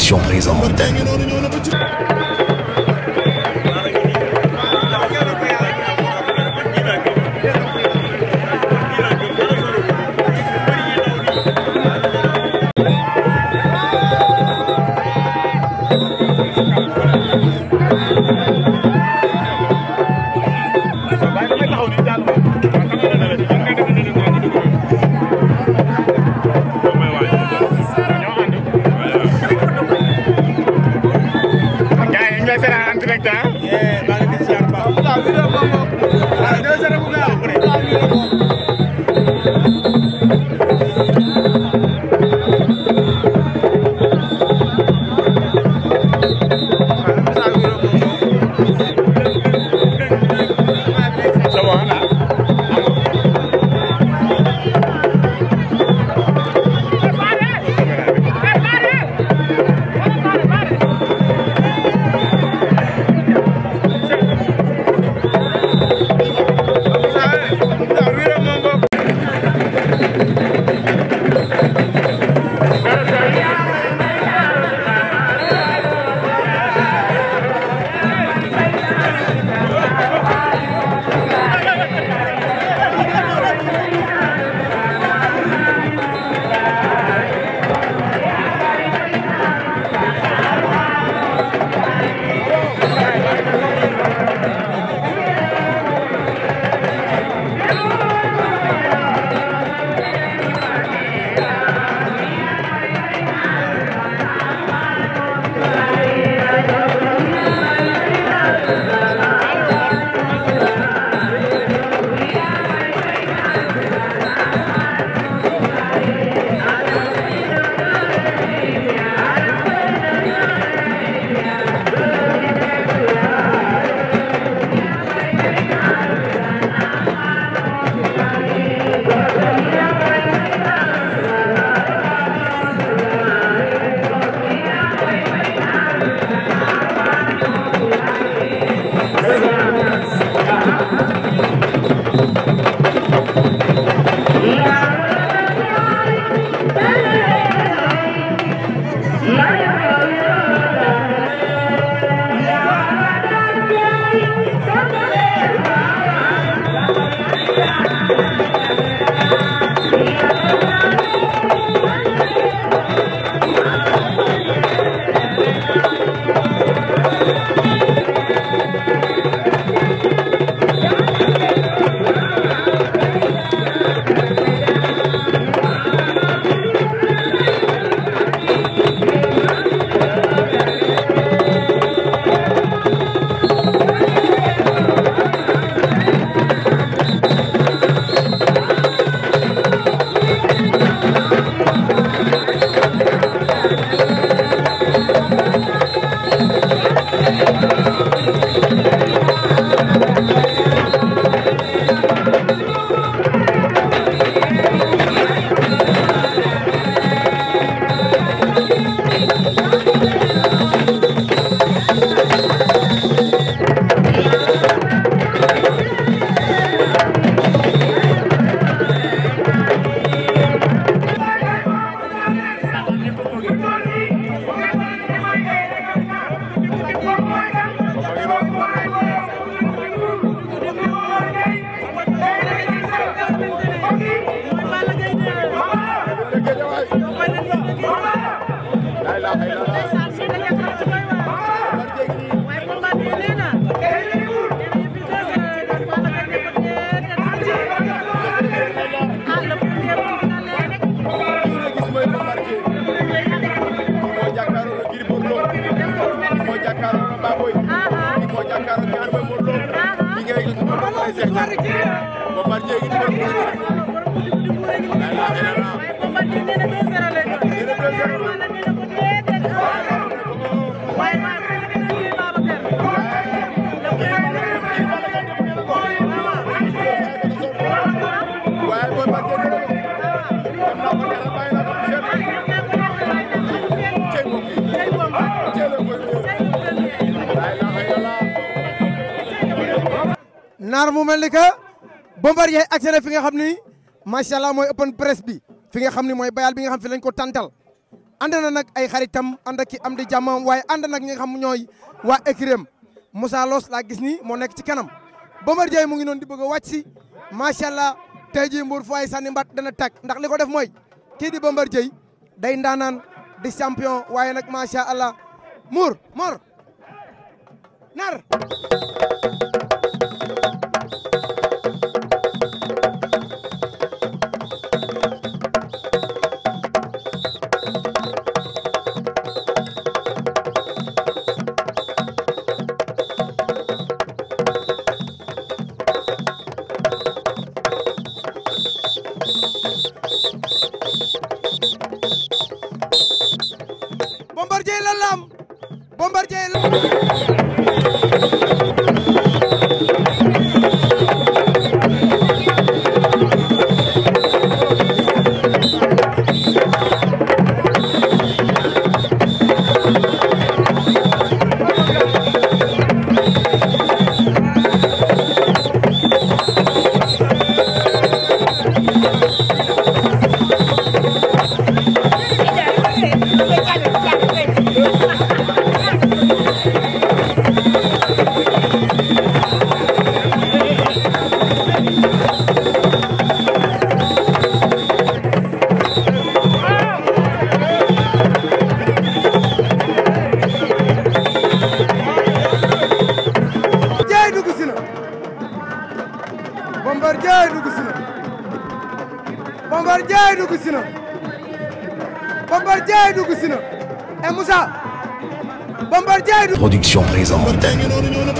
Production présente. jàkkaarloo Baboy kii moo jàkkaarloo Modou Lo kii ngay Bombardier gi naar mu mel ni que Bombardier accès na fi nga xam ni macha allah mooy open press bi fi nga xam ni mooy bayal bi nga xam fi lañ ko tantal ànd nag ay xaritam ànd ak am di jàmmam waaye ànd nag ñi nga xam ñooy waa écrém Moussa Loos laa gis ni moo nekk ci kanam Bombardier mu ngi noon di bëgg a wàcc si macha allah tey jii mbuur fu ay sànni mbat dana tàkk ndax li ko def mooy kii di Bombardier day ndaanaan di champion waaye nag macha allah muur muur nar Bombardier Bombardier dugg si na Bombardier dugg si na Bombardier dugg si na et eh, Moussa Bombardier. Production présente.